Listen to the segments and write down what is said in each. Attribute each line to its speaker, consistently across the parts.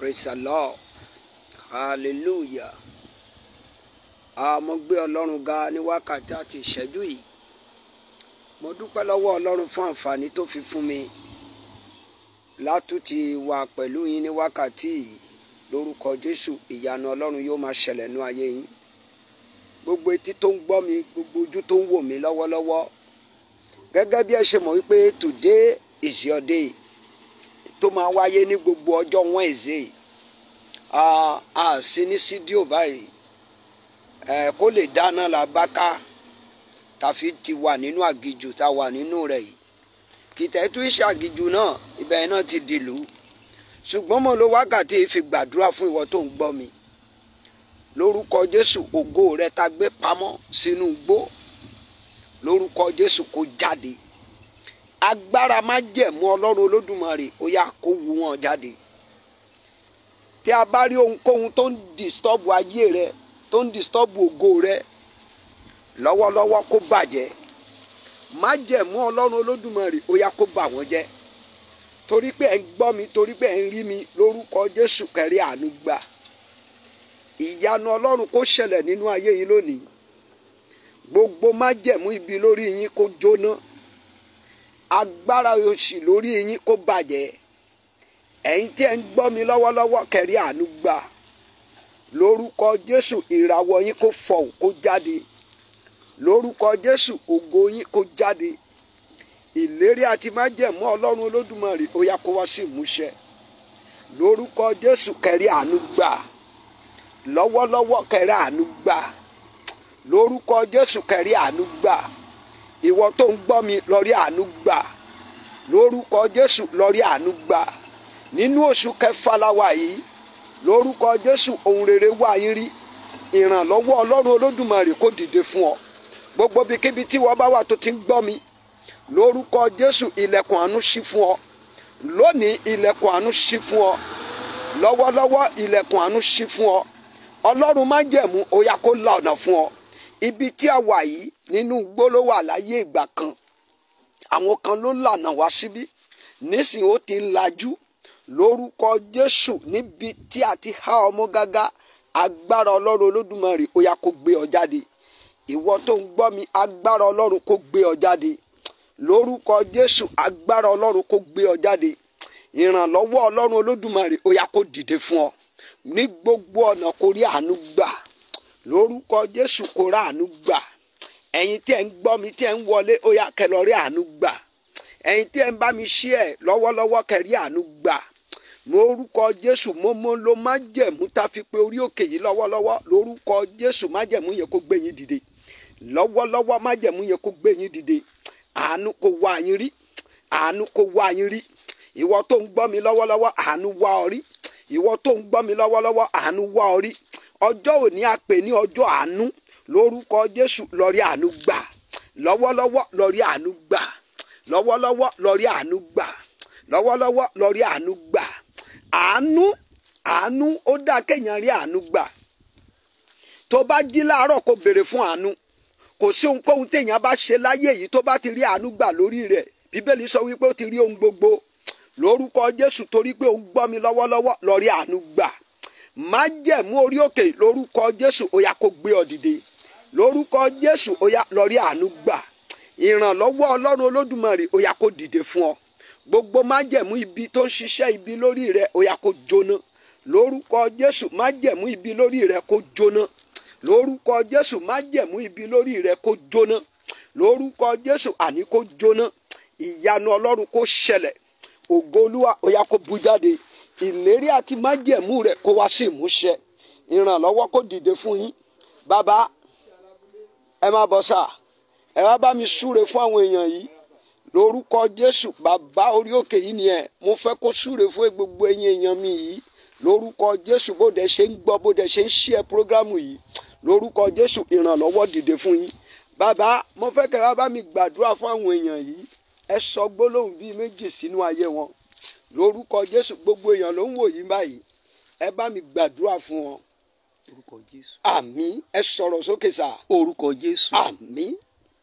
Speaker 1: praise the lord hallelujah àmọ́ gbé ọlọ́run ga ní wákàtí àti ìṣẹ́jú yìí mo dúpẹ́ lọ́wọ́ ọlọ́run fún àǹfààní tó fi fún mi látúntì wà pẹ̀lú yín ní wákàtí yìí lórúkọ jésù ìyanu ọlọ́run yóò máa ṣẹlẹ̀ nú ayé yín gbogbo etí tó ń gbọ́ mi gbogbo ojú tó ń wò mí lọ́wọ́lọ́wọ́ gẹ́gẹ́ bí ẹ ṣe mọ̀ wípé today is your day tó máa wáyé ní gbogbo ọjọ́ Wednesday a sí ní sídíò báyìí kó lè dáná la bá ká tàfi ti wà nínú àgìjù tá a wà nínú rẹ̀ yìí kìtẹ́ tún ṣe àgìjù náà ibẹ̀ náà ti dìlú ṣùgbọ́n mo lo wákàtí fi gbàdúrà fún ìwọ tó ń gbọ́ mi lórúkọ Jésù ògo rẹ ta gbé pamọ́ sínú igbó lórúkọ Jésù kó jáde agbára májẹ̀mú ọlọ́run olódùmarè ó yá kó wu wọn jáde tí a bá rí ohunkóhun tó ń dìstọ́bù ayé rẹ tó ń dìstọ́bù ògo rẹ lọ́wọ́lọ́wọ́ kó bàjẹ́ májẹ̀mú ọlọ́run olódùmarè ó yá kó bà wọ́n jẹ́ torí pé ẹ̀ ń gbọ́ mi torí pé ẹ̀ ń rí mi lórúkọ jésù kẹrí àánú gbà ìyanu ọlọ́run kó ṣẹlẹ̀ nínú ayé yìí lónìí gbogbo májẹ̀mú ibi lórí yín kó jóná. No agbára òṣì lórí yín kó bàjẹ́ ẹ̀yin tí ẹ ń gbọ́ mi lọ́wọ́lọ́wọ́ kẹrí àánú gbà lórúkọ Jésù ìràwọ̀ yín kó fọ̀hùn kó jáde lórúkọ Jésù ògo yín kó jáde ìlérí àti májẹ̀mú Ọlọ́run Olódùmarè ó yá kó wá sí ìmúṣẹ lórúkọ Jésù kẹrí àánú gbà lọ́wọ́lọ́wọ́ kẹrí àánú gbà lórúkọ Jésù kẹrí àánú gbà ìwọ tó ń gbọ́ mi lọ rí àánú gbà lórúkọ jésù lọ rí àánú gbà nínú oṣù kẹfà la wà yìí lórúkọ jésù ohun rere wà yín rí ìrànlọ́wọ́ ọlọ́run olódùmarè kó dìde fún ọ gbogbo ibikíbi tí wọ́n bá wà tó ti ń gbọ́ mi lórúkọ jésù ilẹ̀kùn àánú ṣí fún ọ lónìí ilẹ̀kùn àánú ṣí fún ọ lọ́wọ́lọ́wọ́ ilẹ̀kùn àánú ṣí fún ọ ọlọ́run má jẹ̀mú ó yá kó la ọ̀nà fún ọ ibi tí a wà yìí nínú igbó ló wà láyé ìgbà kan àwọn kan ló lànà wá síbí nísìnyí ó ti lajú lórúkọ Jésù níbi tí a ti há ọmọ gágá agbára ọlọ́run olódùmarè ó yá kó gbé ọ jáde ìwọ tó ń gbọ́ mi agbára ọlọ́run kó gbé ọ jáde lórúkọ Jésù agbára ọlọ́run kó gbé ọ jáde ìrànlọ́wọ́ ọlọ́run olódùmarè ó yá kó dìde fún ọ ní gbogbo ọ̀nà kó àánú gbà lórúkọ jésù kò rà àánú gbà ẹ̀yin tí ẹ̀ ń gbọ́ mi tí ẹ̀ ń wọlé ó yá kẹ́ lọ rí àánú gbà ẹ̀yin tí ẹ̀ ń bá mi ṣí ẹ̀ lọ́wọ́lọ́wọ́ kẹ́ rí àánú gbà lórúkọ jésù mọ́mọ́ ló má jẹ̀mú tá a fi pe orí òkè yìí lọ́wọ́lọ́wọ́ lórúkọ jésù má jẹ̀mú yẹn kó gbé yín dìde lọ́wọ́lọ́wọ́ má jẹ̀mú yẹn kó gbé yín dìde àánú kò wá yín rí àánú kò wá yín rí ìwọ tó ń gbọ́ mi lọ́wọ́lọ́wọ́ àánú wá ọ rí ìwọ tó ń gbọ́ mi lọ́wọ́lọ́wọ́ àánú wá ọ rí ọjọ́ òní a pè ní ọjọ́ àánú lórúkọ Jésù lọ́rí àánú gbà lọ́wọ́lọ́wọ́ lọ́rí àánú gbà lọ́wọ́lọ́wọ́ lọ́rí àánú gbà lọ́wọ́lọ́wọ́ lọ́rí àánú gbà àánú àánú ó dáa kéèyàn rí àánú gbà tó bá jí láàárọ̀ kó béèrè fún àánú kò sí ohunkóhun téèyàn bá ṣe láyé yìí tó bá ti rí àánú gbà lórí rẹ̀ bíbélì sọ wípé ó ti rí ohun gbogbo lórúkọ Jésù torí pé òun gbọ́ mi lọ́wọ́lọ́wọ́ lọ́rí àánú gbà májẹ̀mú orí òkè lórúkọ jésù oya kó gbé ọ dìde lórúkọ jésù oya lọ rí àánú gbà ìrànlọ́wọ́ ọlọ́run olódùmarè oya kó dìde fún ọ gbogbo májẹ̀mú ibi tó ń ṣiṣẹ́ ibi lórí rẹ oya kó jóná lórúkọ jésù májẹ̀mú ibi lórí rẹ kó jóná lórúkọ jésù májẹ̀mú ibi lórí rẹ kó jóná lórúkọ jésù àní kó jóná ìyanu ọlọ́run kó ṣẹlẹ̀ ògo olúwa oya kó bú jáde ìlérí àti májẹ̀mú rẹ̀ kó wá sí ìmúṣẹ ìrànlọ́wọ́ kó dìde fún yín bàbá ẹ má bọ́ sà ẹ wá bá mi súre fún àwọn èèyàn yìí lórúkọ jésù bàbá orí òkè yìí ni ẹ mo fẹ́ kó súre fún gbogbo ẹ̀yin èèyàn mi yìí lórúkọ jésù bó dẹ̀ ṣe ń gbọ́ bó ṣe ń ṣí ẹ prógrámù yìí lórúkọ jésù ìrànlọ́wọ́ dìde fún yín bàbá mo fẹ́ kẹ́ wá bá mi gbàdúrà fún àwọn èèyàn yìí ẹ sọ gbólóhùn bíi méjì sínú ayé wọn lórúkọ jésù gbogbo èèyàn ló ń wò yín báyìí ẹ bá mi gbàdúrà fún wọn. orúkọ jésù. àmín ẹ sọ̀rọ̀ sókè sá. orúkọ jésù. àmín.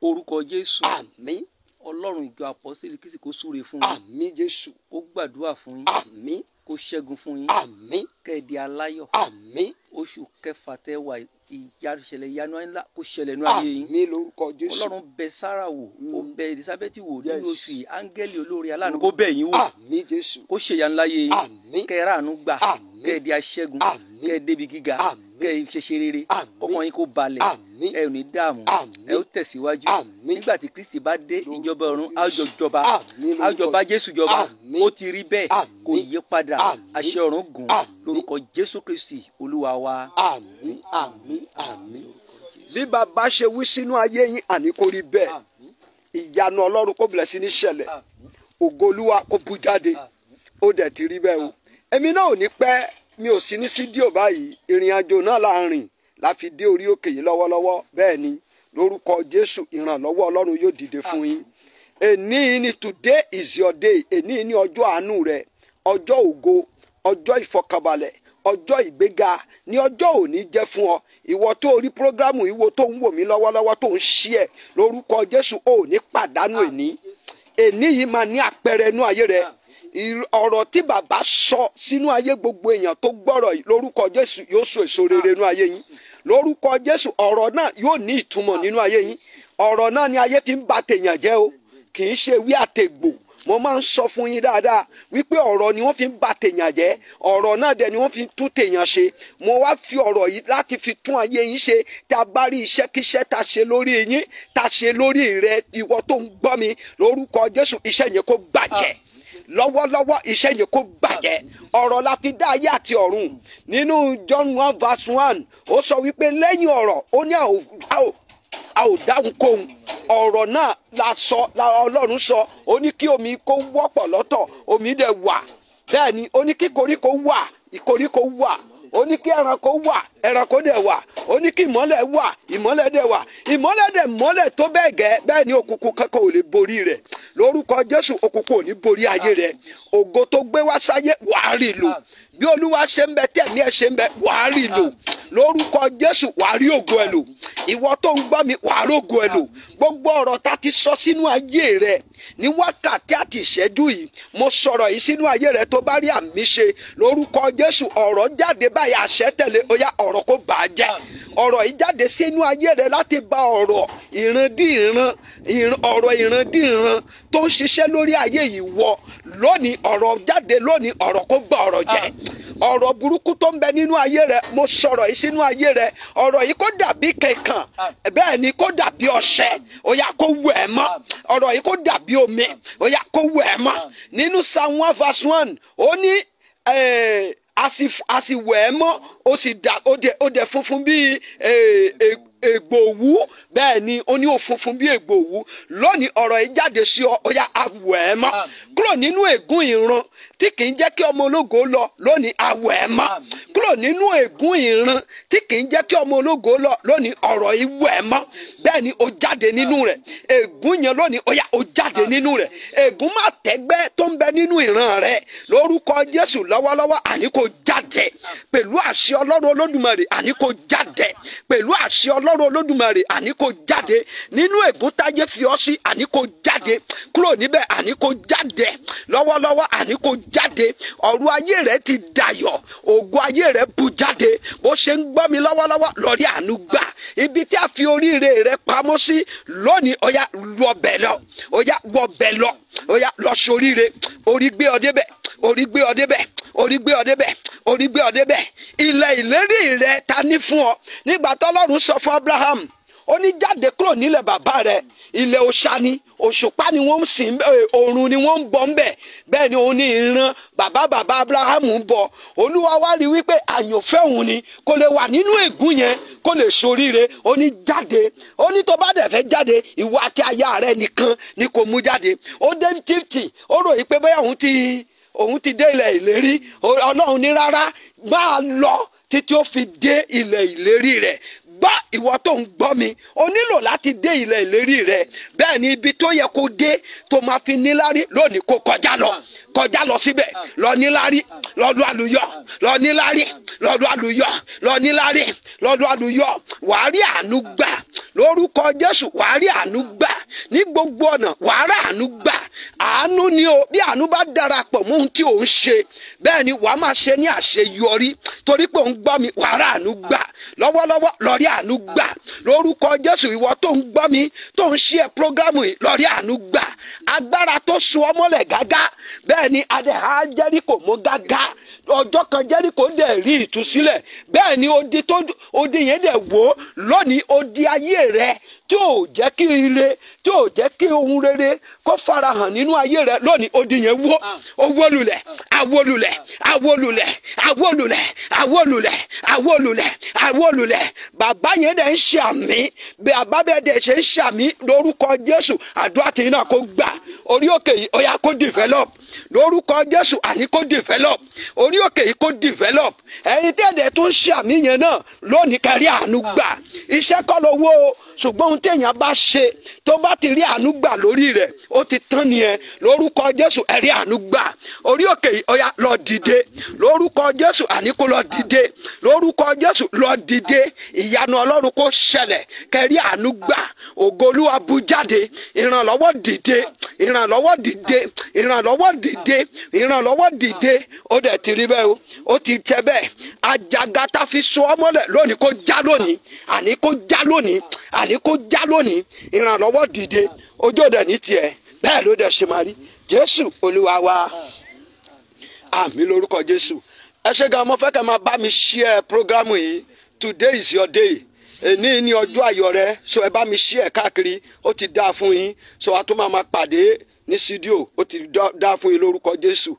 Speaker 1: orúkọ jésù. àmín. ọlọ́run ìjọ àpọ́sítélì Kristi kó súre fún yín. àmín jésù. ó gbàdúrà fún yín. àmín kó ṣẹ́gun fún yín. àmín. kẹ́ẹ̀dì aláyọ̀. àmín. oṣù kẹfà tẹ wà ìyanu ṣẹlẹ̀ ìyanu ńlá kó ṣẹlẹ̀ nínú ayé yín. àmín lórúkọ jésù. ọlọ́run bẹ sára wò mm. ó bẹ elizabeth wò nínú oṣù yìí áńgẹ́lì olóore mm. aláàánú kó bẹ̀ yín wò. àmín jésù. kó ṣe ìyanu láyé yín. àmín. kẹ́ẹ̀rẹ́ àánú gbà. àmín. kẹ́ẹ̀dì aṣẹ́gun. àmín. kẹ́ẹ̀dẹ́bi gíga. àmín kẹ́ ẹ ṣe ṣe rere ọkàn yín kó balẹ̀ ẹ ò ní dààmú ẹ ó tẹ̀síwájú nígbà tí kristi bá dé ìjọba ọ̀run àjọ jọba àjọba jésù jọba ó ti rí bẹ́ẹ̀ kò yí padà àṣẹ ọ̀run gùn lórúkọ jésù kristi olúwa wa. àmín àmín àmín bí bàbá ṣe wí sínú ayé yín àní kó rí bẹ́ẹ̀ ìyanu ọlọ́run kó bẹ̀rẹ̀ sí ní ṣẹlẹ̀ ògo olúwa kó bú jáde ó dẹ̀ ti rí bẹ́ẹ̀ o èmi náà ò ní pẹ́ mi ò sí ní sídíò báyìí ìrìn àjò náà láàrin la fi dé orí òkè yìí lọ́wọ́lọ́wọ́ bẹ́ẹ̀ ni lórúkọ Jésù ìrànlọ́wọ́ Ọlọ́run yóò dìde fún yín èní ni today is your day èní ni ọjọ́ àánú rẹ ọjọ́ ògo ọjọ́ ìfọkànbalẹ̀ ọjọ́ ìgbéga ní ọjọ́ òní jẹ́ fún ọ ìwọ tó rí programu ìwọ tó ń wò mí lọ́wọ́lọ́wọ́ tó ń ṣí ẹ̀ lórúkọ Jésù ò pàdánù èní èní yìí máa ní àpẹẹrẹ inú ayé rẹ. Amen ọ̀rọ̀ tí bàbá sọ sínú ayé gbogbo èèyàn tó gbọ́rọ̀ lórúkọ Jésù yóò so èso rere nínú ayé yín lórúkọ Jésù ọ̀rọ̀ náà yóò ní ìtumọ̀ nínú ayé yín ọ̀rọ̀ náà ni ayé fi ń ba tèèyàn jẹ́ o kì í ṣe wí àtègbò mo máa ń sọ fún yín dáadáa wípé ọ̀rọ̀ ni wọ́n fi ń ba tèèyàn jẹ́ ọ̀rọ̀ náà dẹ̀ ni wọ́n fi tún tèèyàn ṣe mo wá fi ọ̀rọ̀ yìí láti fi tún ayé yín ṣe tá a bá rí iṣẹ́kíṣẹ́ tá a ṣe lórí yín tá a ṣe lórí rẹ ìwọ tó ń gbọ́ mi lórúkọ Jésù iṣẹ́ yẹn kó bàjẹ́. Uh lọ́wọ́lọ́wọ́ iṣẹ́ yẹn kó bàjẹ́ ọ̀rọ̀ la fi dá ayé àti ọ̀run nínú John one verse one ó sọ wípé lẹ́yìn ọ̀rọ̀ ó ní a ò dáhùn kóhun ọ̀rọ̀ náà la sọ la Ọlọ́run sọ ó ní kí omi kó wọ́pọ̀ lọ́tọ̀ omi dẹ̀ wà bẹ́ẹ̀ ni ó ní kí koríko wà ìkoríko wà ó ní kí ẹranko wà ẹranko dẹ̀ wa, ó ní kí ìmọ́lẹ̀ wa ìmọ́lẹ̀ dẹ̀ wà ìmọ́lẹ̀ dẹ̀ mọ́lẹ̀ tó bẹ́ẹ̀ gẹ́ bẹ́ẹ̀ ni òkùnkùn kankan ò lè borí rẹ̀ lórúkọ Jésù òkùnkùn ò ní borí ayé rẹ̀ ògo tó gbé wá sáyé wàá rí lò bí olúwa ṣe ń bẹ tẹ̀mí ṣe ń bẹ rí lò lórúkọ Jésù rí ògo ẹ lò ìwọ tó gbogbo ọ̀rọ̀ ta ti sọ sínú ayé rẹ ní wákàtí àti ìṣẹ́jú yìí mo sọ̀rọ̀ yìí sínú ayé rẹ tó bá rí àmì ṣe lórúkọ Jésù ọ̀rọ̀ jáde báyìí àṣẹ tẹ̀lé ọ̀rọ̀ kó bà á jẹ́ ọ̀rọ̀ yìí sínú ayé rẹ láti ba ọ̀rọ̀ ìrandíran ọ̀rọ̀ ìrandíran tó ń ṣiṣẹ́ lórí ayé yìí wọ lónìí ọ̀rọ̀ jáde lónìí ọ̀rọ̀ kó bà ọ̀rọ̀ jẹ́ ah. ọ̀rọ̀ burúkú tó ń bẹ nínú ayé rẹ mo sọ̀rọ̀ yìí sínú ayé rẹ ọ̀rọ̀ yìí kó dàbí kankan ah. bẹ́ẹ̀ ni kó dàbí ọṣẹ ó yá kó wẹ̀ ẹ́ mọ́ ah. ọ̀rọ̀ yìí kó dàbí omi ó kó wẹ̀ ẹ́ mọ́ nínú psalm one verse one ó ní. Eh, a sì wẹ̀ ẹ́ mọ́ ó sì dà ó dẹ̀ funfun bíi eh, ègbòwú bẹ́ẹ̀ ni ó ní òfunfun bí ègbòwú lónìí ọ̀rọ̀ yìí jáde sí ọ ọ̀yà àwẹ̀ ẹ̀ mọ́ kúrò nínú ègún ìran tí kì í jẹ́ kí ọmọ ológo lọ lónìí àwẹ̀ ẹ̀ mọ́ kúrò nínú ègún ìran tí kì í jẹ́ kí ọmọ ológo lọ lónìí ọ̀rọ̀ ìwẹ̀ ẹ̀ mọ́ bẹ́ẹ̀ ni ó jáde nínú rẹ̀ ègún yẹn lónìí ọ̀yà ó jáde nínú rẹ̀ ègún má tẹ́gbẹ́ tó ń bẹ nínú ìran rẹ̀ lórúkọ Jésù lọ́wọ́lọ́wọ́ àní jáde pẹ̀lú àṣẹ Ọlọ́run Olódùmarè àní jáde pẹ̀lú àṣẹ Ọlọ́run agbára olódùmarè àní kò jáde nínú ègún táyé fi ọ́ sí àní kò jáde kúrò níbẹ̀ àní kò jáde lọ́wọ́lọ́wọ́ àní kò jáde ọ̀rọ̀ ayé rẹ̀ ti dayọ̀ ògo ayé rẹ̀ bù jáde bó ṣe ń gbọ́ mi lọ́wọ́lọ́wọ́ lórí àánú gbà ibi tí a fi oríire rẹ̀ pamọ́ sí lónìí ọ̀yà wọ̀bẹ̀ lọ ọ̀yà wọ̀bẹ̀ lọ ọ̀yà lọ sóríire orí gbé ọ débẹ̀ orí gbé ọ débẹ̀ orí gbé ọ débẹ̀ orí gbé ọ débẹ̀ ilẹ̀ ìlérí rẹ ta ní fún ọ nígbà tọ́lọ́run sọ fún Abraham ó ní jáde kúrò nílẹ̀ bàbá rẹ̀ ilẹ̀ òòṣà ni òṣùpá ni wọ́n ń sìn oòrùn ni wọ́n ń bọ ńbẹ̀ bẹ́ẹ̀ ni òun ní ìran bàbá bàbá Abrahamu ń bọ olúwa wá rí wípé àyànfẹ́ òun ni kò lè wà nínú ègún yẹn kò lè ṣoríire ó ní jáde ó ní tó bá dẹ̀ fẹ́ jáde ìwọ àti aya rẹ nìkan ni kò mú jáde ó dé tíìtì ó rò yìí pé bóyá òun ti òun ti dé ilẹ̀ ìlérí ọlọ́run ní rárá máa lọ títí ó fi dé ilẹ̀ ìlérí rẹ̀ gbọ́ ìwọ tó ń gbọ́ mi o nílò láti dé ilẹ̀ ìlérí rẹ̀ bẹ́ẹ̀ ni ibi tó yẹ kó dé tó máa fi níláárí lónìí kó kọjá lọ kọjá lọ síbẹ̀ lọ níláárí lọ́dún àlùyọ lọ níláárí lọ́dún àlùyọ lọ níláárí lọ́dún àlùyọ wàá rí àánú gbà lórúkọ Jésù wàá rí àánú gbà ní gbogbo ọ̀nà wàá rí àánú gbà àánú ni o bí àánú bá darapọ̀ mú ohun tí ò ń ṣe bẹ́ẹ̀ ni wàá máa ṣe ní àṣeyọrí torí pé òun gbọ́ mi wàá rà àánú gbà lọ́wọ́lọ́wọ́ lọ́rí àánú gbà lórúkọ Jésù ìwọ tó ń gbọ́ mi tó ń ṣe ẹ̀ prógrámù yìí lọ́rí àánú gbà agbára tó sun ọmọlẹ̀ gágá bẹ́ẹ̀ ni adé ha Jẹ́ríkò mú gágá ọjọ́ kan Jẹ́ríkò dẹ̀ rí ìtúsílẹ̀ bẹ́ẹ̀ ni odi tó odi yẹn dẹ̀ wò lónìí odi ayé rẹ tí ò jẹ́ kí ire tí ò jẹ́ kí ohun rere kó farahàn nínú ayé rẹ lónìí odi yẹn wó owó ah. lulẹ̀ awó lulẹ̀ awó lulẹ̀ awó lulẹ̀ awó lulẹ̀ awó lulẹ̀ awó lulẹ̀ bàbá yẹn dẹ̀ ń ṣe àmì bàbá bẹ́ẹ̀ dẹ̀ ṣe ń ṣe lórúkọ Jésù àdúrà tẹ̀yìn náà kó gbà orí òkè yìí ó yá develop lórúkọ Jésù àní kó develop orí òkè yìí kó develop ẹ̀yin tẹ̀dẹ̀ tó ń ṣe àmì yẹn náà lónìí kẹrí àánú gbà ah. iṣẹ́ kọ́ lówó ṣùgbọ́n ohun tẹ̀yìn bá ṣe tó bá ti rí àánú gbà lórí rẹ̀ ó ti tán nìyẹn yẹn lórúkọ jésù ẹ̀rí àánú gbà orí òkè yìí ọ̀yà lọ dìde lórúkọ jésù àní kó lọ dìde lórúkọ jésù lọ dìde ìyanu ọlọ́run kó ṣẹlẹ̀ kẹrí àánú gbà ògolúwa bú jáde ìrànlọ́wọ́ dìde ìrànlọ́wọ́ dìde ìrànlọ́wọ́ dìde ìrànlọ́wọ́ dìde ó dẹ̀ ti rí bẹ́ẹ̀ o ó ti tẹ bẹ́ẹ̀ ajagata fi so ọmọlẹ̀ lónìí kó já lónìí àní kó já lónìí àní kó já lónìí ìrànlọ́wọ́ dìde ojú òde ní tiẹ̀ bẹ́ẹ̀ ló dẹ̀ ṣe máa rí jésù olúwa wa àmì lórúkọ jésù ẹ ṣe gan mo fẹ́ kẹ́ máa bá mi share programu. yìí today is your day èní ní ọjọ́ ayọ̀ rẹ so ẹ bá mi share káàkiri ó ti dáa fún yín so a tún máa máa pàdé ní sídíò ó ti dáa fún yín lórúkọ jésù